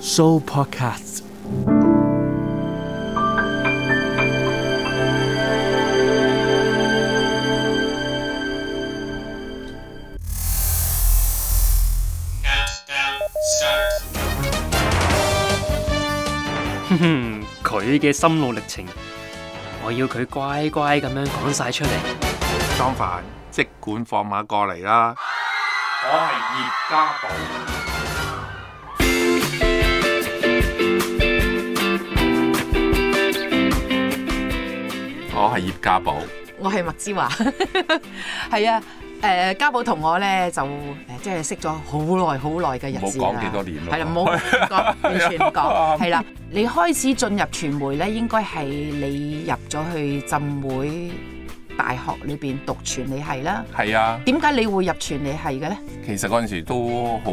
Show podcast。哼哼，佢嘅心路歷程，我要佢乖乖咁樣講晒出嚟。桑凡，即管放馬過嚟啦！我係葉家寶。我係葉家寶，我係麥之華，係 啊，誒、呃、家寶同我咧就誒即係識咗好耐好耐嘅日子啦。唔講幾多年啦，係啦、 啊，唔好講，完全唔講，係啦。你開始進入傳媒咧，應該係你入咗去浸會大學裏邊讀傳理系啦，係啊，點解你會入傳理系嘅咧？其實嗰陣時都好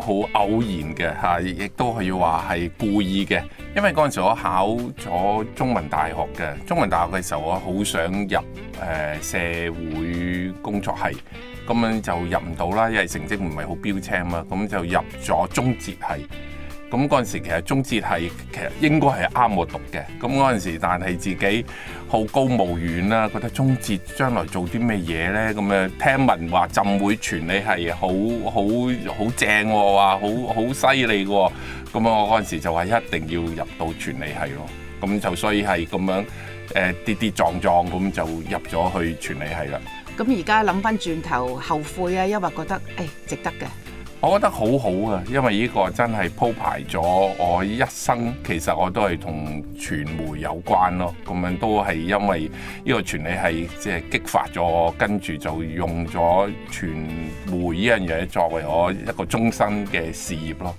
好偶然嘅嚇，亦都係要話係故意嘅，因為嗰陣時我考咗中文大學嘅，中文大學嘅時候我好想入誒、呃、社會工作系，咁樣就入唔到啦，因為成績唔係好標青啊嘛，咁就入咗中哲系。咁嗰陣時其實中哲係其實應該係啱我讀嘅，咁嗰陣時但係自己好高騖遠啦，覺得中哲將來做啲咩嘢咧，咁啊聽聞話浸會傳理系好好好正喎，話好好犀利嘅，咁啊我嗰陣時就話一定要入到傳理系咯，咁就所以係咁樣誒跌跌撞撞咁就入咗去傳理系啦。咁而家諗翻轉頭後悔啊，因為覺得誒值得嘅。我覺得好好啊，因為呢個真係鋪排咗我一生。其實我都係同傳媒有關咯，咁樣都係因為呢個傳理係即係激發咗我，跟住就用咗傳媒呢樣嘢作為我一個終身嘅事業咯。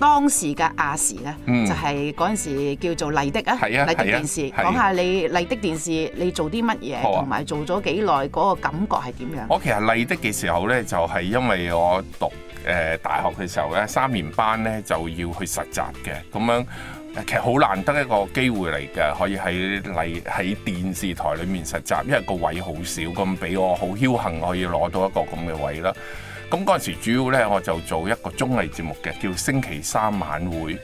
當時嘅亞視咧，嗯、就係嗰陣時叫做麗的、嗯、啊，麗的電視。講、啊、下你、啊、麗的電視你做啲乜嘢，同埋、啊、做咗幾耐，嗰、嗰個感覺係點樣？啊、我其實麗的嘅時候咧，就係、是、因為我讀。誒、呃、大學嘅時候咧，三年班咧就要去實習嘅，咁樣其實好難得一個機會嚟嘅，可以喺嚟喺電視台裏面實習，因為個位好少，咁俾我好僥幸可以攞到一個咁嘅位啦。咁嗰陣時主要咧我就做一個綜藝節目嘅，叫《星期三晚會》。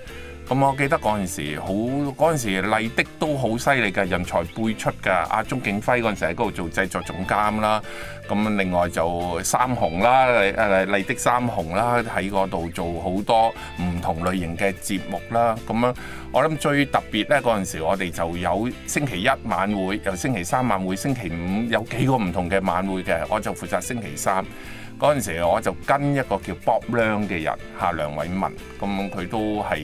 咁、嗯、我記得嗰陣時好，嗰陣時麗的都好犀利嘅人才輩出㗎。阿、啊、鍾景輝嗰陣時喺嗰度做製作總監啦。咁、啊、另外就三雄啦，誒、啊、麗的三雄啦，喺嗰度做好多唔同類型嘅節目啦。咁、啊、樣、啊、我諗最特別呢嗰陣時我哋就有星期一晚會，有星期三晚會，星期五有幾個唔同嘅晚會嘅，我就負責星期三。嗰陣時我就跟一個叫 Bob 梁嘅人，哈梁偉文，咁佢都係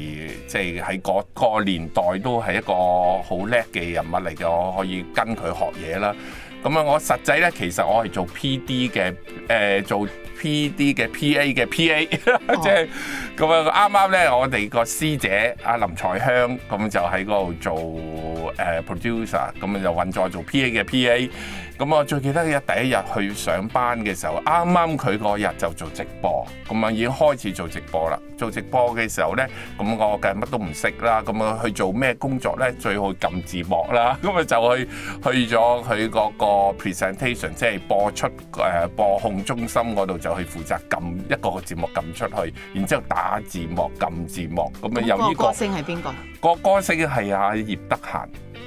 即係喺個個年代都係一個好叻嘅人物嚟嘅，我可以跟佢學嘢啦。咁啊，我實際咧，其實我係做 PD 嘅，誒、呃、做 PD 嘅 PA 嘅 PA，即係咁啊，啱啱咧，我哋個師姐阿林彩香，咁就喺嗰度做誒 producer，咁就又運作做 PA 嘅 PA。咁我最記得嘅一第一日去上班嘅時候，啱啱佢嗰日就做直播，咁啊已經開始做直播啦。做直播嘅時候咧，咁我梗係乜都唔識啦，咁啊去做咩工作咧？最好撳字幕啦，咁啊就去去咗佢嗰個 presentation，即係播出誒播控中心嗰度就去負責撳一個個節目撳出去，然之後打字幕撳字幕。咁啊有呢個歌星係邊個？個歌星係阿葉德嫻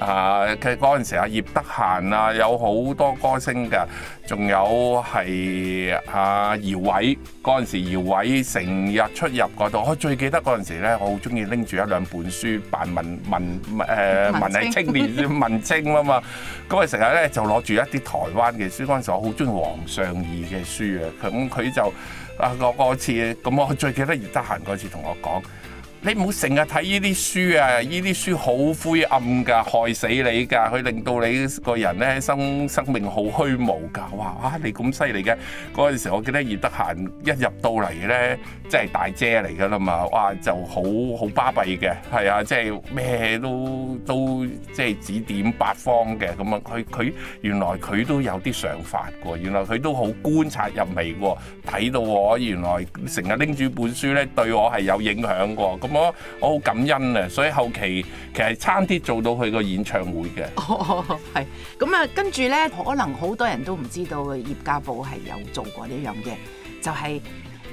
啊！其實嗰陣時阿葉德嫻啊，有好多。歌歌星噶，仲有係阿姚偉嗰陣時，姚偉成日出入嗰度。我最記得嗰陣時咧，我好中意拎住一兩本書扮文文誒文藝青年文青啊 嘛。咁啊成日咧就攞住一啲台灣嘅書，嗰陣時我好中意黃尚義嘅書啊。咁佢就啊嗰嗰次，咁我最記得葉德嫻嗰次同我講，你唔好成日睇呢啲書啊！呢啲書好灰暗㗎，害死你㗎！佢令到你個人咧生生命好虛無㗎。哇哇！你咁犀利嘅。嗰陣時，我記得葉德閒一入到嚟咧，即係大姐嚟㗎啦嘛！哇，就好好巴閉嘅，係啊，即係咩都都即係指點八方嘅咁啊！佢佢原來佢都有啲想法㗎，原來佢都好觀察入微㗎，睇到我原來成日拎住本書咧，對我係有影響㗎。咁我我好感恩啊，所以後期其實差啲做到佢個演唱會嘅。哦，係。咁啊，跟住呢，可能好多人都唔知道葉家寶係有做過呢樣嘢，就係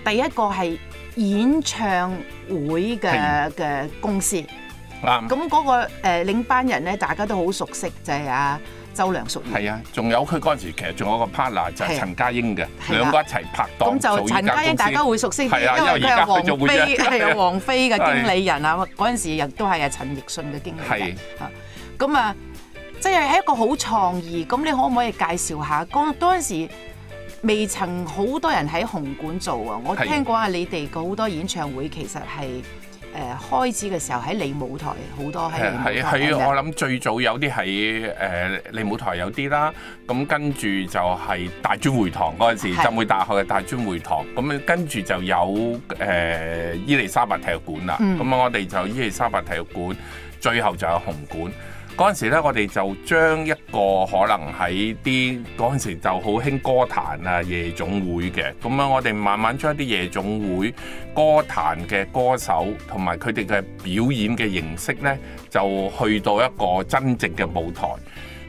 第一個係演唱會嘅嘅公司。嗱，咁嗰個誒領班人呢，大家都好熟悉，就係啊。周梁淑怡係啊，仲有佢嗰陣時，其實仲有一個 partner 就係、啊、陳嘉英嘅，啊、兩個一齊拍檔，咁就陳嘉英大家會熟悉啲，啊、因為佢係王菲王菲嘅經理人啊，嗰陣時亦都係阿陳奕迅嘅經理人。係咁啊，即係係一個好創意。咁你可唔可以介紹下？剛當時未曾好多人喺紅館做啊，我聽講下你哋好多演唱會其實係。誒、呃、開始嘅時候喺利舞台，好多喺利舞台嘅，呃，我諗最早有啲喺誒利舞台有啲啦，咁、嗯、跟住就係大專會堂嗰是陣時，浸會大學嘅大專會堂，咁、嗯、跟住就有誒、呃、伊利沙伯體育館啦，咁、嗯嗯嗯、我哋就伊利沙伯體育館，最後就有紅館。嗰陣時咧，我哋就將一個可能喺啲嗰陣時就好興歌壇啊夜總會嘅，咁樣我哋慢慢將一啲夜總會歌壇嘅歌手同埋佢哋嘅表演嘅形式呢，就去到一個真正嘅舞台。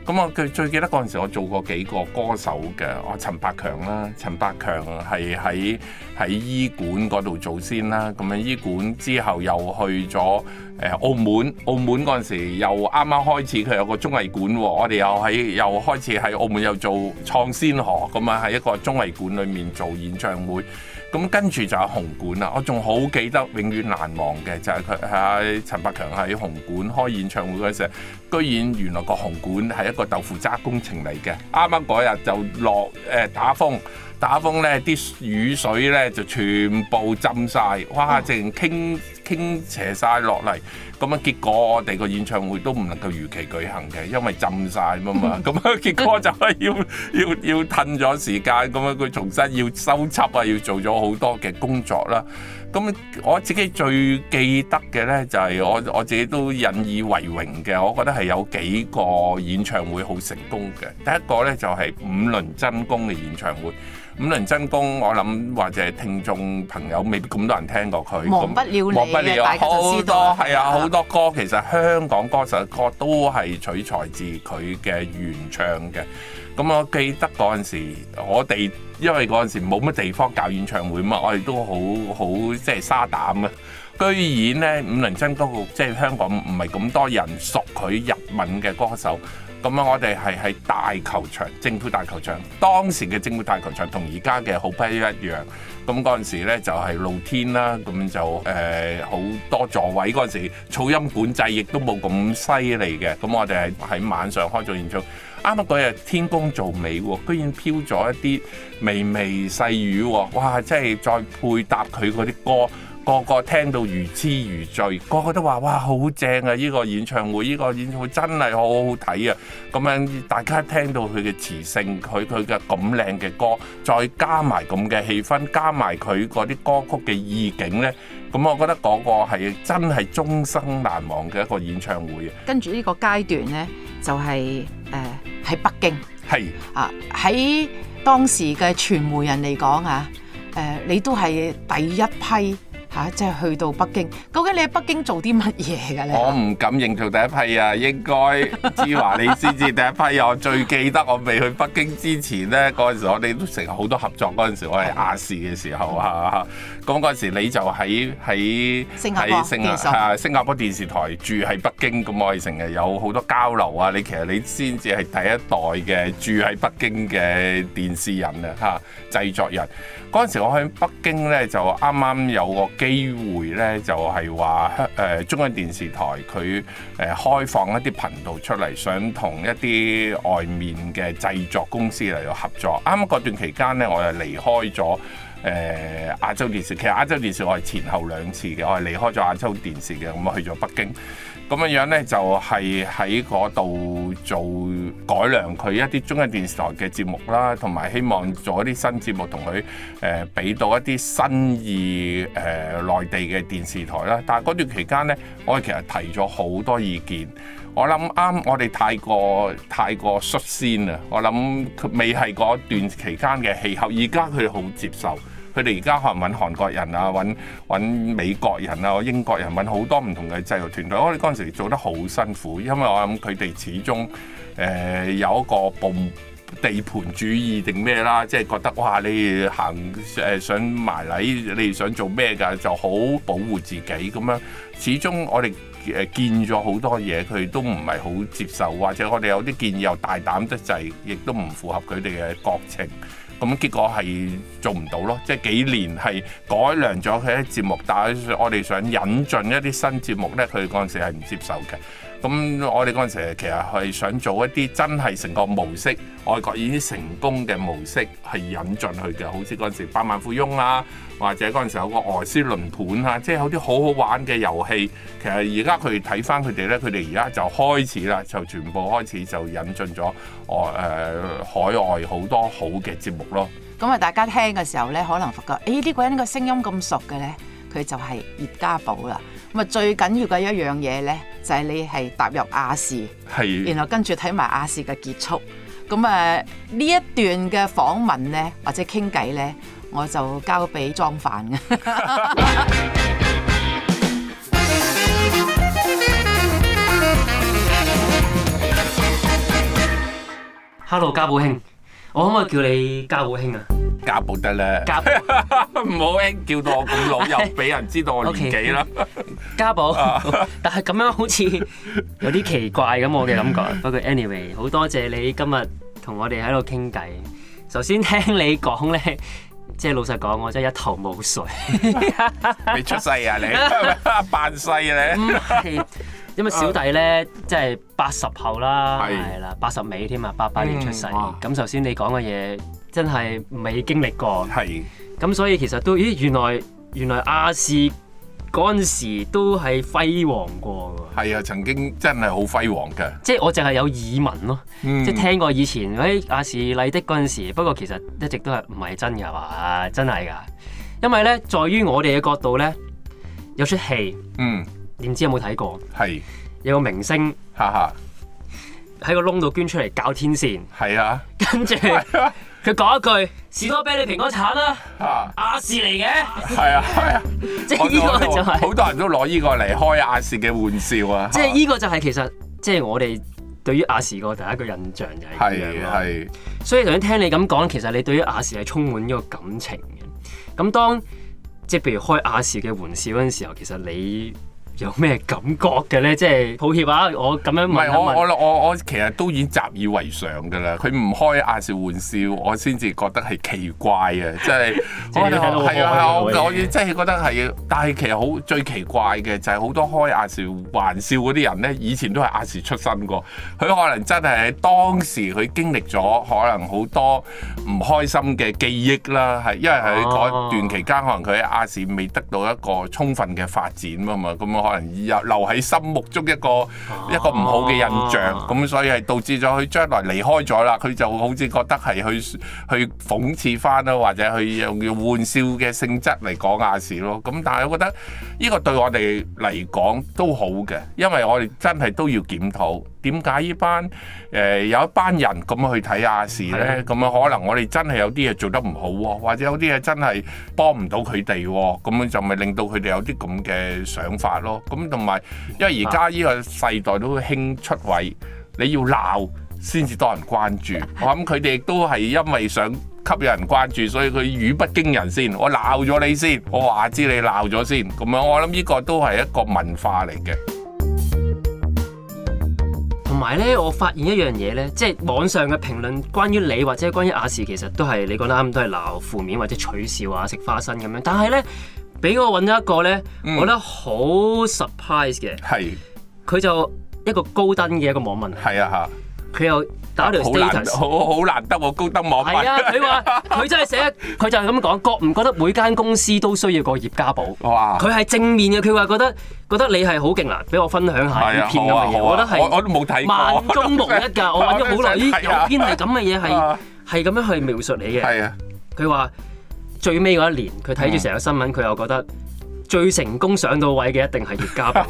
咁我最最記得嗰陣時，我做過幾個歌手嘅，我陳百強啦，陳百強係喺喺伊館嗰度做先啦，咁樣伊館之後又去咗澳門，澳門嗰陣時又啱啱開始佢有個綜藝館，我哋又喺又開始喺澳門又做創先河咁啊，喺一個綜藝館裡面做演唱會。咁跟住就係紅館喇！我仲好記得永遠難忘嘅就係佢喺陳百強喺紅館開演唱會嗰陣時候，居然原來個紅館係一個豆腐渣工程嚟嘅。啱啱嗰日就落誒、呃、打風，打風咧啲雨水咧就全部浸晒。哇！竟然傾～、嗯傾斜晒落嚟，咁樣結果我哋個演唱會都唔能夠如期舉行嘅，因為浸晒啊嘛，咁 樣結果就係要要要褪咗時間，咁樣佢重新要收集啊，要做咗好多嘅工作啦。咁我自己最記得嘅呢，就係、是、我我自己都引以為榮嘅，我覺得係有幾個演唱會好成功嘅。第一個呢，就係、是、五輪真功嘅演唱會。五輪真弓，我諗或者聽眾朋友未必咁多人聽過佢。咁，忘不了你，忘不了你，好多係啊，好多歌、啊、其實香港歌手嘅歌都係取材自佢嘅原唱嘅。咁我記得嗰陣時，我哋因為嗰陣時冇乜地方搞演唱會嘛，我哋都好好即係沙膽嘅、啊。居然咧，五輪真弓，即係香港唔係咁多人熟佢日文嘅歌手。咁啊，我哋係喺大球場，政府大球場。當時嘅政府大球場同而家嘅好不一樣。咁嗰陣時咧就係、是、露天啦，咁就誒好、呃、多座位。嗰陣時，噪音管制亦都冇咁犀利嘅。咁我哋係喺晚上開咗演唱。啱啱嗰日天公造美喎，居然飄咗一啲微微細雨喎。哇！即係再配搭佢嗰啲歌。個個聽到如痴如醉，個個都話：哇，好正啊！呢個演唱會，呢個演唱會真係好好睇啊！咁樣大家聽到佢嘅磁性，佢佢嘅咁靚嘅歌，再加埋咁嘅氣氛，加埋佢嗰啲歌曲嘅意境呢，咁我覺得嗰個係真係終生難忘嘅一個演唱會。跟住呢個階段呢，就係誒喺北京係是啊喺當時嘅傳媒人嚟講啊，誒、呃、你都係第一批。吓、啊！即係去到北京，究竟你喺北京做啲乜嘢嘅咧？我唔敢認做第一批啊！應該之 華你先至第一批、啊。 我最記得我未去北京之前咧，嗰陣時我哋都成日好多合作。嗰陣時我係亞視嘅時候的啊，咁嗰陣時你就喺喺喺新加坡電視台住喺北京咁，我哋成日有好多交流啊！你其實你先至係第一代嘅住喺北京嘅電視人啊，嚇製作人。嗰陣時我喺北京咧就啱啱有個機會咧就係話香誒中央電視台佢誒開放一啲頻道出嚟，想同一啲外面嘅製作公司嚟到合作。啱啱嗰段期間咧，我又離開咗。誒、呃、亞洲電視，其實亞洲電視我係前後兩次嘅，我係離開咗亞洲電視嘅，咁啊去咗北京，咁樣樣咧就係喺嗰度做改良佢一啲中央電視台嘅節目啦，同埋希望做一啲新節目，同佢誒俾到一啲新意誒、呃、內地嘅電視台啦。但係嗰段期間咧，我其實提咗好多意見，我諗啱，我哋太過太過率先啊，我諗佢未係嗰段期間嘅氣候，而家佢好接受。佢哋而家可能揾韓國人啊，揾揾美國人啊，英國人揾好多唔同嘅製造團隊。我哋嗰陣時做得好辛苦，因為我諗佢哋始終誒、呃、有一個地盤主義定咩啦，即係覺得哇，你行誒、呃、想埋嚟，你想做咩㗎，就好保護自己咁樣。始終我哋誒見咗好多嘢，佢都唔係好接受，或者我哋有啲建議又大膽得滯，亦都唔符合佢哋嘅國情。咁結果係做唔到咯，即係幾年係改良咗佢啲節目，但係我哋想引進一啲新節目咧，佢嗰陣時係唔接受嘅。咁我哋嗰陣時其實係想做一啲真係成個模式，外國已經成功嘅模式係引進去嘅，好似嗰陣時百萬富翁啦、啊，或者嗰陣時有個外斯輪盤啊，即係有啲好好玩嘅遊戲。其實而家佢睇翻佢哋咧，佢哋而家就開始啦，就全部開始就引進咗外誒海外好多好嘅節目咯。咁啊，大家聽嘅時候咧，可能發覺誒呢、哎這個人呢個聲音咁熟嘅咧，佢就係葉家寶啦。咁啊，最緊要嘅一樣嘢咧～就係你係踏入亞視，然後跟住睇埋亞視嘅結束。咁啊，呢一段嘅訪問咧，或者傾偈咧，我就交俾莊範。Hello，家寶兄，我可唔可以叫你家寶兄啊？家寶得啦，唔好叫到我咁老又俾人知道我年紀啦。家寶，但係咁樣好似有啲奇怪咁，我嘅感覺。不過 anyway，好多謝你今日同我哋喺度傾偈。首先聽你講咧，即係老實講，我真係一頭霧水。你出世啊你？扮世啊你？因為小弟咧即係八十後啦，係啦，八十尾添啊，八八年出世。咁首先你講嘅嘢。真係未經歷過，係咁是、嗯，所以其實都咦，原來原來亞視嗰陣時都係輝煌過，係啊，曾經真係好輝煌噶，即係我淨係有耳聞咯，嗯、即係聽過以前喺亞視麗的嗰陣時，不過其實一直都係唔係真㗎嘛，真係㗎，因為呢，在於我哋嘅角度呢，有出戲，嗯，你唔知有冇睇過，係是有個明星，哈哈喺個窿度捐出嚟搞天線，係啊，跟住著。 佢講一句，士多啤梨蘋果橙啊，亞視嚟嘅，係啊，係啊，即係呢個就係好多人都攞呢個嚟開亞視嘅玩笑啊，即係呢個就係其實即係我哋對於亞視個第一個印象就係咁樣。所以頭先聽你咁講，其實你對於亞視係充滿呢個感情嘅。咁當即係譬如開亞視嘅玩笑嗰陣時候，其實你有咩感覺嘅咧？即係抱歉啊！我咁樣問一問。唔係我我我我其實都已經習以為常嘅啦。佢唔開亞視玩笑，我先至覺得係奇怪啊！即係係啊！我我即係覺得係， 但係其實好最奇怪嘅就係好多開亞視玩笑嗰啲人咧，以前都係亞視出身過。佢可能真係喺當時佢經歷咗可能好多唔開心嘅記憶啦。係因為喺嗰段期間，可能佢喺亞視未得到一個充分嘅發展啊嘛。咁可能又留喺心目中一個、啊、一個唔好嘅印象，咁、啊、所以係導致咗佢將來離開咗啦。佢就好似覺得係去去諷刺翻啦，或者去用用玩笑嘅性質嚟講亞視咯。咁但係我覺得呢個對我哋嚟講都好嘅，因為我哋真係都要檢討。點解依班誒、呃、有一班人咁去睇亞視呢？咁樣的可能我哋真係有啲嘢做得唔好喎、哦，或者有啲嘢真係幫唔到佢哋喎，咁樣就咪令到佢哋有啲咁嘅想法咯。咁同埋因為而家呢個世代都興出位，你要鬧先至多人關注。 我諗佢哋都係因為想吸引人關注，所以佢語不驚人先。我鬧咗你先，我話知你鬧咗先。咁樣我諗呢個都係一個文化嚟嘅。同埋咧，我發現一樣嘢咧，即係網上嘅評論，關於你或者關於亞視，其實都係你講得啱，都係鬧負面或者取笑啊，食花生咁樣。但係咧，俾我揾咗一個咧，嗯，我覺得好 surprise 嘅。係是。佢就一個高登嘅一個網民。係啊嚇。佢又。打條 statement 好好難得喎，高登網係啊！佢話佢真係寫，佢就係咁講。覺唔覺得每間公司都需要個葉家寶？佢係正面嘅，佢話覺得覺得你係好勁啦，俾我分享下呢篇嘅嘢，我覺得係，我都冇睇，萬中無一㗎，我揾咗好耐，咦，有篇係咁嘅嘢，係係咁樣去描述你嘅。係啊！佢話最尾嗰一年，佢睇住成個新聞，佢又覺得。最成功上到位嘅一定係葉家寶，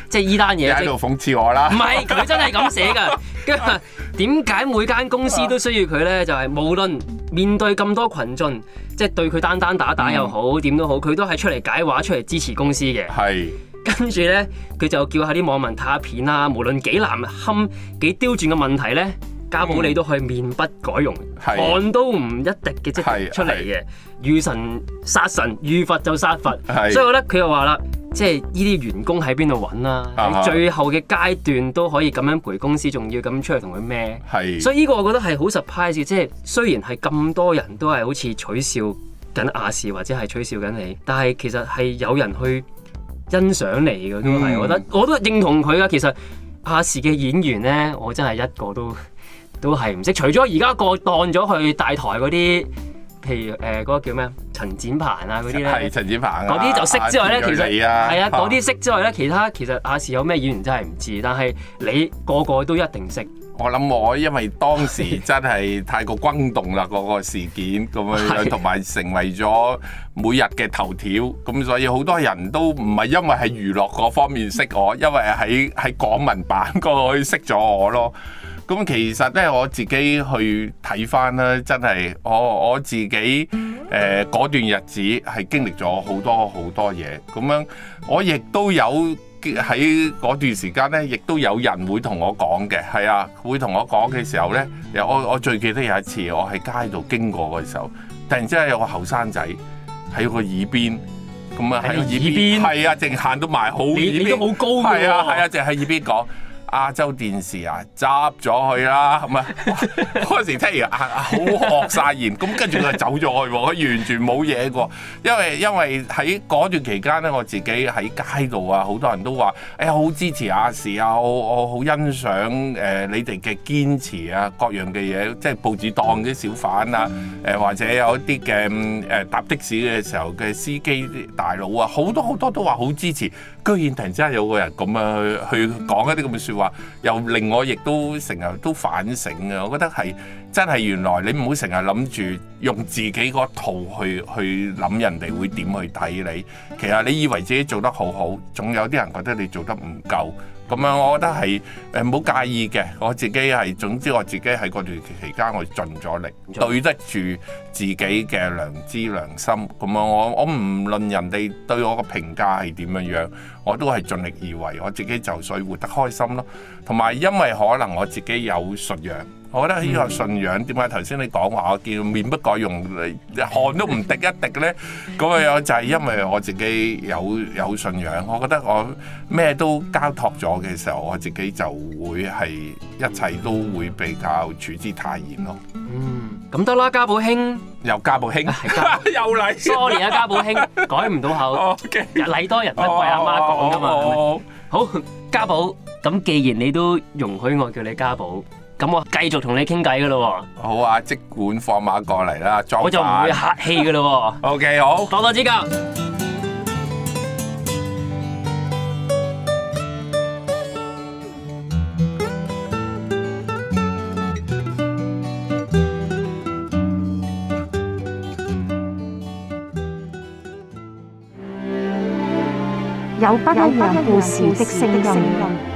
即係呢單嘢。喺度諷刺我啦！唔係佢真係咁寫㗎。點 解每間公司都需要佢呢？就係、是、無論面對咁多群眾，即、就、係、是、對佢單單打打又好點、嗯、都好，佢都係出嚟解話出嚟支持公司嘅。係是。跟住呢，佢就叫下啲網民睇下片啦，無論幾難堪、幾刁鑽嘅問題呢。家寶你都可以面不改容，是汗都唔一滴嘅即係出嚟嘅，遇神殺神，遇佛就殺佛。是所以我覺得佢又話啦，即係呢啲員工喺邊度揾啦？是最後嘅階段都可以咁樣陪公司，仲要咁出嚟同佢孭？是所以呢個我覺得係好 surprise。即係雖然係咁多人都係好似取笑緊亞視或者係取笑緊你，但係其實係有人去欣賞你嘅都係。我覺得我都認同佢啊。其實亞視嘅演員呢，我真係一個都～都係唔識，除咗而家過當咗去大台嗰啲，譬如誒嗰個叫咩陳展鵬啊嗰啲咧，係陳展鵬嗰啲就識之外咧，其實係啊，係啊嗰啲識之外咧，其他其實亞視有咩演員真係唔知，但係你個個都一定識。我諗我因為當時真係太過轟動啦嗰個事件，咁樣同埋成為咗每日嘅頭條，咁所以好多人都唔係因為喺娛樂嗰方面識我，因為喺喺港聞版嗰個識咗我咯。咁其實咧，我自己去睇翻啦，真係我我自己誒嗰、呃、段日子係經歷咗好多好多嘢。咁樣我亦都有喺嗰段時間咧，亦都有人會同我講嘅。係啊，會同我講嘅時候咧，我我最記得有一次，我喺街度經過嘅時候，突然之間有個後生仔喺個耳邊，咁啊喺個耳邊，係啊，淨行到埋好耳邊，好高㗎，係啊，係啊，淨喺耳邊講。亞洲電視啊，執咗佢啦，唔係嗰陣時聽完阿、啊、好惡晒言，咁跟住佢就走咗去，佢完全冇嘢個，因為因為喺嗰段期間咧，我自己喺街度啊，好多人都話，誒、欸、好支持亞視啊，我我好欣賞誒你哋嘅堅持啊，各樣嘅嘢，即係報紙檔啲小販啊，誒或者有一啲嘅誒搭的士嘅時候嘅司機大佬啊，好多好多都話好支持。居然突然之間有個人咁樣、啊、去去講一啲咁嘅説話，又令我亦都成日都反省嘅、啊。我覺得係真係原來你唔好成日諗住用自己個套去去諗人哋會點去睇你。其實你以為自己做得好好，總有啲人覺得你做得唔夠。咁樣我覺得係唔好介意嘅，我自己係總之我自己喺嗰段期間我盡咗力，力對得住自己嘅良知良心。咁我我唔論人哋對我嘅評價係點樣樣，我都係盡力而為，我自己就所以活得開心咯。同埋因為可能我自己有馴養。我覺得呢個信仰點解頭先你講話我見面不改容，汗都唔滴一滴咧？嗰個有就係因為我自己有有信仰，我覺得我咩都交託咗嘅時候，我自己就會係一切都會比較處之泰然咯。嗯，咁得啦，家寶兄又家寶兄，又嚟，多年啊，家寶兄改唔到口，禮多人不怪，阿媽講㗎嘛。好，家寶，咁既然你都容許我叫你家寶。咁我繼續同你傾偈噶咯，好啊，即管放馬過嚟啦，我就唔會客氣噶咯。 o、okay, K，好，多多指教。有不一樣故事的聲音。